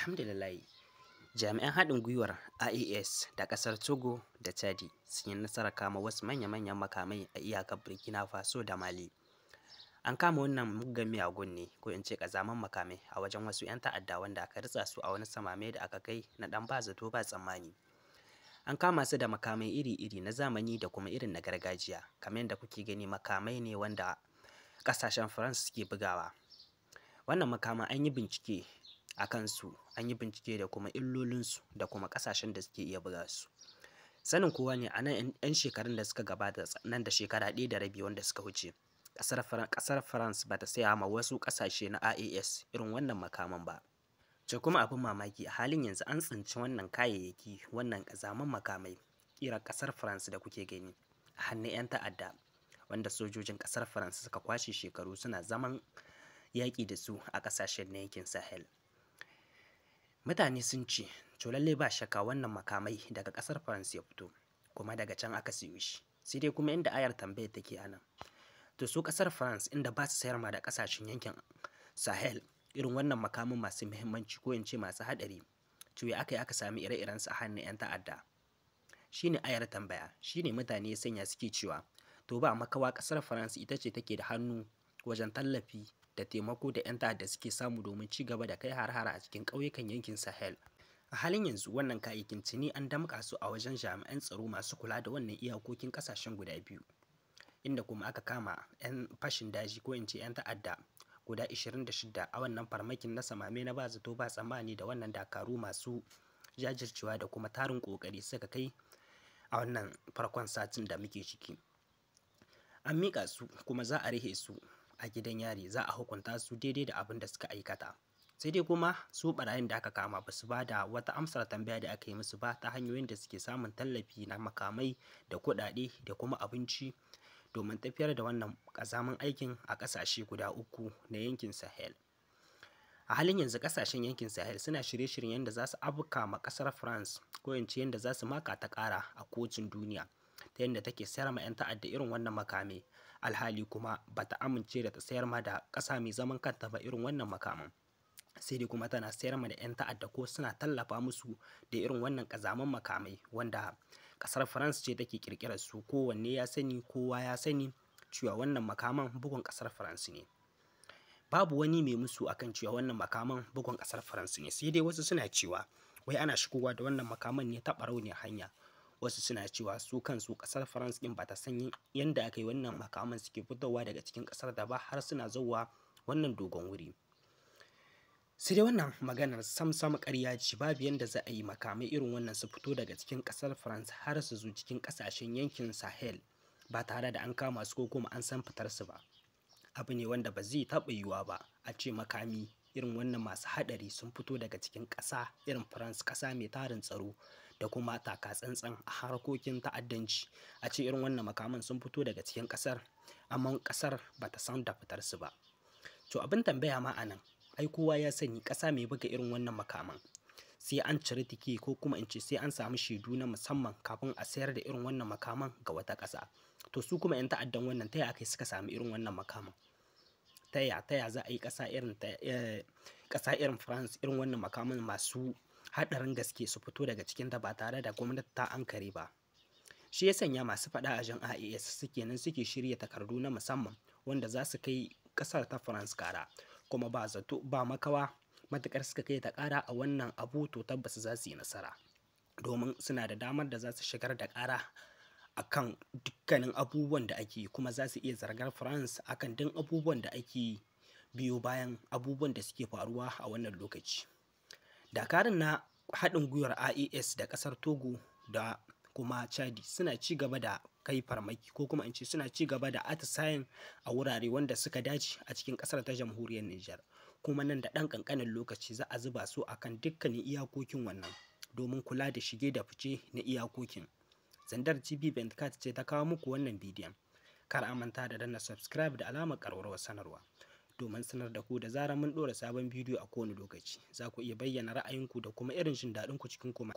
alhamdulillah jami'an haɗin gwiwar ias da ƙasar togo da chadi sun yi nasarar kama wasu manya-manyan makamai a iyakar burkina faso da mali an kama wannan muggan miyagun ne ko in ce ƙazaman makamai a wajen wasu 'yan ta'adda wanda aka ritsa su a wani samame da aka kai na ɗan ba zato ba tsammani an kama su da makamai iri-iri na zamani da kuma irin na gargajiya kamar yadda kuke gani makamai ne wanda ƙasashen france suke bugawa wannan makama an yi bincike a kansu an yi bincike da kuma illolinsu da kuma ƙasashen da suke iya buga su sanin kowa ne a nan 'yan shekarun da suka gabata nan da shekara ɗaya da rabi wanda suka wuce ƙasar france ba ta saya ma wasu ƙasashe na ias irin wannan makaman ba ce kuma abin mamaki a halin yanzu an tsinci wannan kayayyaki wannan zaman makamai ƙirar ƙasar france da kuke gani a hannun 'yan ta'adda wanda sojojin ƙasar france suka kwashe shekaru suna zaman yaƙi da su a ƙasashen na yankin sahel mutane sun ce to lalle ba shaka wannan makamai daga ƙasar faransa ya fito kuma daga can aka siyo shi sai dai kuma inda ayar tambaya take a nan to su ƙasar france inda ba su sayar ma da ƙasashen yankin sahel irin wannan makamin masu muhimmanci ko in ce masu haɗari to ya aka yi aka sami ire-iren su a hannun 'yan ta'adda shine ayar tambaya shine mutane ya sanya suke cewa to ba makawa ƙasar france ita ce take da hannu wajen tallafi da taimako da 'yan ta'adda suke samu domin ci gaba da kai har-hara a cikin ƙauyukan yankin Sahel. A halin yanzu wannan kayayyakin tuni an damƙa su a wajen jami'an tsaro masu kula da wannan iyakokin ƙasashen guda biyu. Inda kuma aka kama 'yan fashin daji ko in ce 'yan ta'adda guda 26 a wannan farmakin na samame na ba zato ba tsammani da wannan dakaru masu jajircewa da kuma tarin ƙoƙari suka kai a wannan farkon satin da muke ciki. An mika su kuma za a rihe su a gidan yari za a hukunta su daidai da abin da suka aikata sai dai kuma su barayin da aka kama ba su ba da wata amsar tambaya da aka yi musu ba ta hanyoyin da suke samun tallafi na makamai da kuɗaɗe da kuma abinci domin tafiyar da wannan ƙazamin aikin a ƙasashe guda uku na yankin sahel a halin yanzu ƙasashen yankin sahel suna shirye-shiryen yadda za su abuka ma ƙasar france ko in yadda za su maka ta ƙara a kotun duniya ta yadda take sayar ma 'yan ta'adda irin wannan makamai alhali kuma ba ta amince da ta sayar ma da ƙasa mai zaman kanta ba irin wannan makaman sai dai kuma tana sayar ma da 'yan ta'adda ko suna tallafa musu da irin wannan kazaman makamai wanda ƙasar france ce take kirkirar su kowanne ya sani kowa ya sani cewa wannan makaman bugun kasar france ne babu wani mai musu akan cewa wannan makaman bugun ƙasar france ne sai dai wasu suna cewa wai ana shigowa da wannan makaman ne ta ne hanya wasu suna cewa su kansu kasar france din ba ta san yadda aka yi wannan makaman suke fitowa daga cikin kasar da ba har suna zauwa wannan dogon wuri sai dai wannan maganar sam ƙarya ce babu yadda za a yi makamai irin wannan su fito daga cikin kasar france har su zo cikin kasashen yankin sahel ba tare da an kama su ko kuma an san fitar su ba abu ne wanda ba zai taɓa yiwuwa ba a ce makami irin wannan masu haɗari sun fito daga cikin ƙasa irin france ƙasa mai tarin tsaro da kuma taka tsantsan a harkokin ta'addanci a ce irin wannan makaman sun fito daga cikin ƙasar amma ƙasar ba ta san da fitar su ba to abin tambaya ma a nan ai kowa ya sani ƙasa mai buga irin wannan makaman sai an cire tike ko kuma in ce sai an samu shaidu na musamman kafin a sayar da irin wannan makaman ga wata ƙasa to su kuma 'yan ta'addan wannan ta aka suka samu irin wannan makaman taya taya za a yi kasa irin eh, ƙasa irin France irin wannan makaman masu haɗarin gaske su fito daga cikin ta ba tare da gwamnati ta ankare ba shi ya sanya masu faɗa a jan AES suke nan suke shirya takardu na musamman wanda za su kai ƙasar ta France kara kuma ba zato ba makawa matukar suka kai ta kara a wannan abu to tabbas za su yi nasara domin suna da damar da za su shigar da kara akan dukkanin abubuwan da ake kuma za su iya zargar France akan duk abubuwan da ake biyo bayan abubuwan da suke faruwa a wannan lokaci. Dakarun na haɗin gwiwar IAS da ƙasar Togo da kuma Chadi suna ci gaba da kai farmaki ko kuma in ce suna ci gaba da atisayen a wurare wanda suka dace a cikin ƙasar ta jamhuriyar niger Kuma nan da ɗan ƙanƙanin lokaci za a zuba su akan dukkanin iyakokin wannan domin kula da shige da fice na iyakokin. Zandar GB Bandcat ce ta kawo muku wannan bidiyon. Kar a manta da danna subscribe da alamar ƙararrawar sanarwa domin sanar da ku da zarar mun ɗora sabon bidiyo a kowane lokaci. Za ku iya bayyana ra'ayinku da kuma irin jin daɗinku cikin kuma.